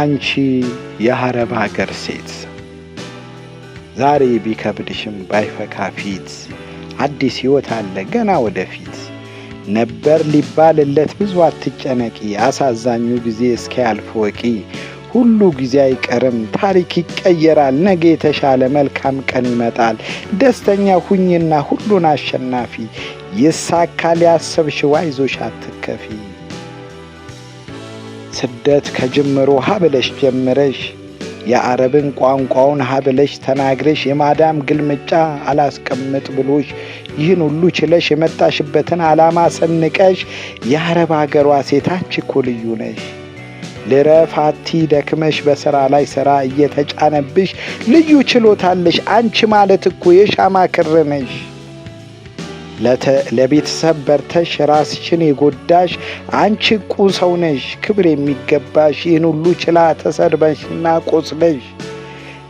አንቺ የአረብ አገር ሴት ዛሬ ቢከብድሽም ባይፈካ ፊት አዲስ ሕይወት አለ ገና ወደፊት ነበር ሊባልለት ብዙ አትጨነቂ አሳዛኙ ጊዜ እስኪያልፍ ወቂ ሁሉ ጊዜ አይቀርም ታሪክ ይቀየራል ነገ የተሻለ መልካም ቀን ይመጣል ደስተኛ ሁኝና ሁሉን አሸናፊ ይሳካል ያሰብሽው ዋይዞሽ አትከፊ ስደት ከጅምሩ ሀብለሽ ጀምረሽ የአረብን ቋንቋውን ሀብለሽ ተናግረሽ የማዳም ግልምጫ አላስቀምጥ ብሎሽ ይህን ሁሉ ችለሽ የመጣሽበትን ዓላማ ሰንቀሽ የአረብ አገሯ ሴታች እኮ ልዩ ነሽ። ልረፋቲ ደክመሽ በሥራ ላይ ሥራ እየተጫነብሽ ልዩ ችሎታለሽ። አንቺ ማለት እኮ የሻማ ክር ነሽ። ለቤተሰብ በርተሽ ራስሽን የጎዳሽ አንቺ ዕቁ ሰው ነሽ። ክብር የሚገባሽ ይህን ሁሉ ችላ ተሰድበሽና ቆስለሽ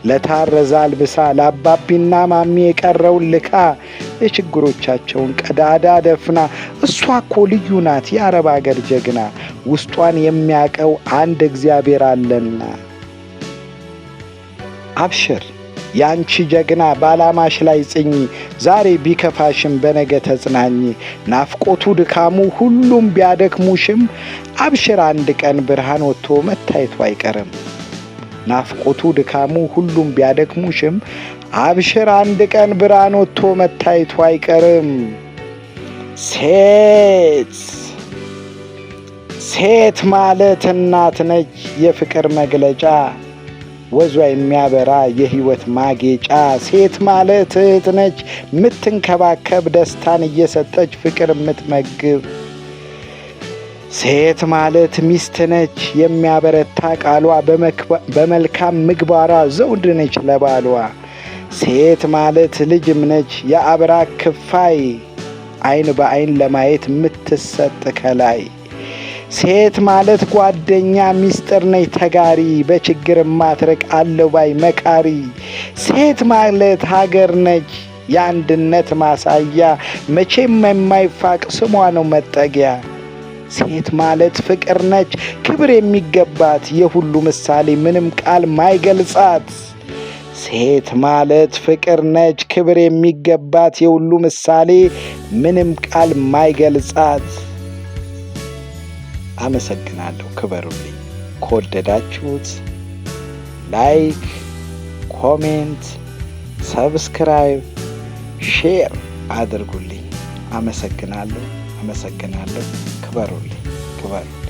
ለታረዛ አልብሳ ለአባቢና ማሚ የቀረውን ልካ የችግሮቻቸውን ቀዳዳ ደፍና እሷ እኮ ልዩ ናት የአረብ አገር ጀግና ውስጧን የሚያቀው አንድ እግዚአብሔር አለና አብሽር ያንቺ ጀግና ባላማሽ ላይ ጽኚ፣ ዛሬ ቢከፋሽም በነገ ተጽናኚ። ናፍቆቱ ድካሙ ሁሉም ቢያደክሙሽም አብሽር አንድ ቀን ብርሃን ወጥቶ መታየቱ አይቀርም። ናፍቆቱ ድካሙ ሁሉም ቢያደክሙሽም አብሽር አንድ ቀን ብርሃን ወጥቶ መታየቱ አይቀርም። ሴት ሴት ማለት እናት ነች የፍቅር መግለጫ ወዟ የሚያበራ የህይወት ማጌጫ ሴት ማለት እህት ነች። የምትንከባከብ ደስታን እየሰጠች ፍቅር የምትመግብ ሴት ማለት ሚስት ነች። የሚያበረታ ቃሏ በመልካም ምግባሯ ዘውድ ነች ለባሏ። ሴት ማለት ልጅም ነች የአብራ ክፋይ፣ አይን በአይን ለማየት የምትሰጥ ከላይ ሴት ማለት ጓደኛ ሚስጥር ነች ተጋሪ በችግር ማትረቅ አለው ባይ መቃሪ ሴት ማለት ሀገር ነች የአንድነት ማሳያ መቼም የማይፋቅ ስሟ ነው መጠጊያ። ሴት ማለት ፍቅር ነች ክብር የሚገባት የሁሉ ምሳሌ ምንም ቃል ማይገልጻት። ሴት ማለት ፍቅር ነች ክብር የሚገባት የሁሉ ምሳሌ ምንም ቃል ማይገልጻት። አመሰግናለሁ። ክበሩልኝ። ከወደዳችሁት ላይክ፣ ኮሜንት፣ ሰብስክራይብ፣ ሼር አድርጉልኝ። አመሰግናለሁ። አመሰግናለሁ። ክበሩልኝ። ክበሩልኝ።